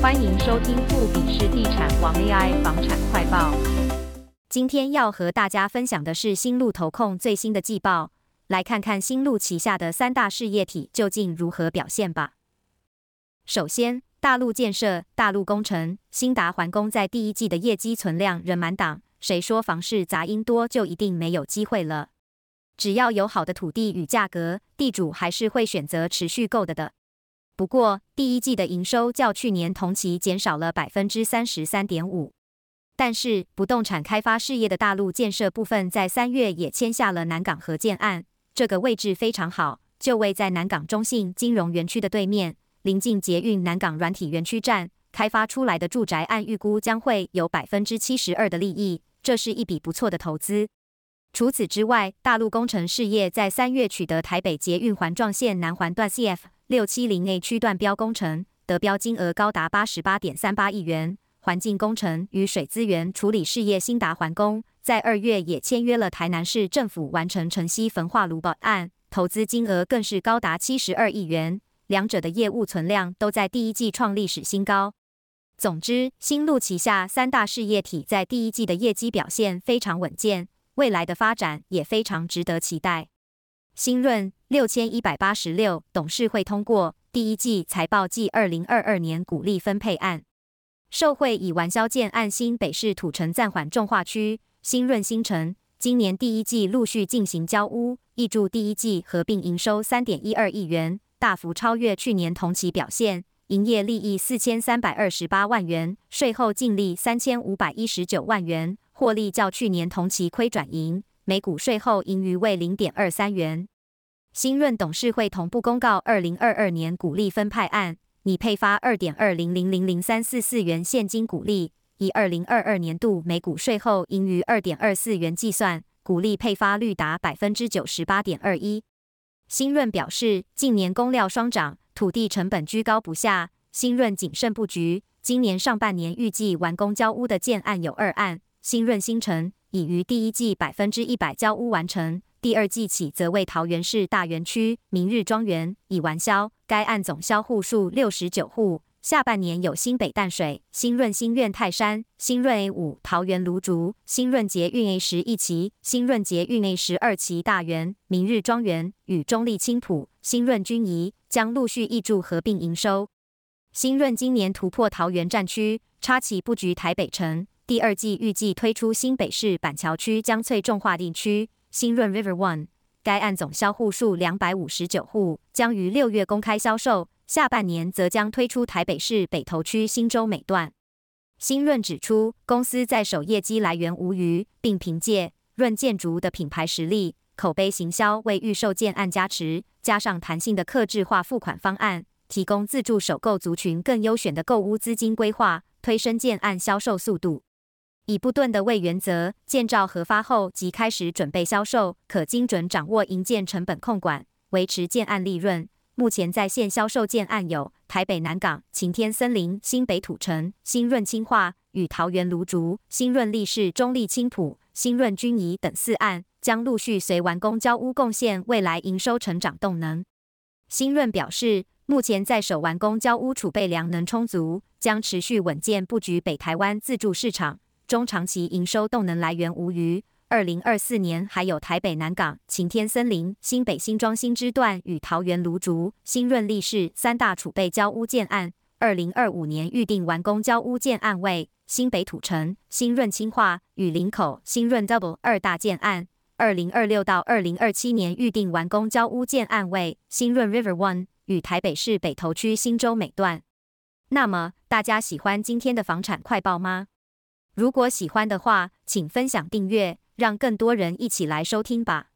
歡迎收聽富比士地產王 AI 房產快報。今天要和大家分享的是欣陸投控最新的季報，來看看欣陸旗下的三大事業體究竟如何表現吧。首先，大陸建設、大陸工程、欣達環工在第一季的業績存量仍滿檔。誰說房市雜音多就一定沒有機會了？只要有好的土地與價格，地主還是會選擇持續購的的。不過，第一季的營收較去年同期減少了百分之三十三點五。但是，不動產開發事業的大陸建設部分在三月也簽下了南港合建案，這個位置非常好，就位在南港中信金融園區的對面，臨近捷運南港軟體園區站。開發出來的住宅案預估將會有百分之七十二的利益，這是一筆不錯的投資。除此之外，大陸工程事業在三月取得台北捷運環狀線南環段 CF 六七零 A 區段標工程，得標金額高達八十八點三八億元。環境工程與水資源處理事業欣達環工在二月也簽約了台南市政府完成城西焚化爐保案，投資金額更是高達七十二億元。兩者的業務存量都在第一季創歷史新高。總之，欣陸旗下三大事業體在第一季的業績表現非常穩健。未來的發展也非常值得期待。新潤六千一百八十六董事會通過第一季財報暨二零二二年股利分配案。受惠已完銷建案新北市土城暫緩重劃區新潤心城，今年第一季陸續進行交屋，挹注第一季合併營收三點一二億元，大幅超越去年同期表現，營業利益四千三百二十八萬元，稅後淨利三千五百一十九萬元。獲利較去年同期虧轉盈，每股稅後盈餘為零點二三元。新潤董事會同步公告二零二二年股利分派案，擬配發二點二零零零零三四四元現金股利，以二零二二年度每股稅後盈餘二點二四元計算，股利配發率達百分之九十八點二一。新潤表示，近年工料雙漲，土地成本居高不下，新潤謹慎布局。今年上半年預計完工交屋的建案有二案。新潤心城已於第一季百分之一百交屋完成，第二季起則為桃園市大園區明日莊園已完銷，該案總銷戶數六十九戶。下半年有新北淡水、新潤新苑泰山、新潤 A 五桃園蘆竹、新潤捷運 A 十一期、新潤捷運 A 十二期大園明日莊園與中壢青埔、新潤君怡將陸續挹注合併營收。新潤今年突破桃園戰區，插旗佈局台北城。第二季預計推出新北市板橋區江翠重劃地區新潤 River One，該案總銷戶數兩百五十九戶，將於六月公開銷售。下半年則將推出台北市北投區新洲美段。新潤指出，公司在手業績來源無虞，並憑借潤建築的品牌實力、口碑行銷為預售建案加持，加上彈性的客制化付款方案，提供自住首購族群更優選的購屋資金規劃，推升建案銷售速度。以不囤的為原則，建造核發後即開始準備銷售，可精準掌握營建成本控管，維持建案利潤。目前在線銷售建案有台北南港、晴天森林、新北土城、新潤青化與桃園蘆竹、新潤力士、中壢青埔、新潤君怡等四案，將陸續隨完工交屋貢獻未來營收成長動能。新潤表示，目前在手完工交屋儲備量能充足，將持續穩健布局北台灣自住市場。中長期營收動能來源無虞，二零二四年還有台北南港、擎天森林、新北新莊新之段與桃園蘆竹、新潤力士三大儲備交屋建案；二零二五年預定完工交屋建案為新北土城、新潤清化與林口新潤 Double 二大建案；二零二六到二零二七年預定完工交屋建案為新潤 River One 與台北市北投區新洲美段。那麼大家喜歡今天的房產快報嗎？如果喜歡的話，請分享訂閱，讓更多人一起來收聽吧。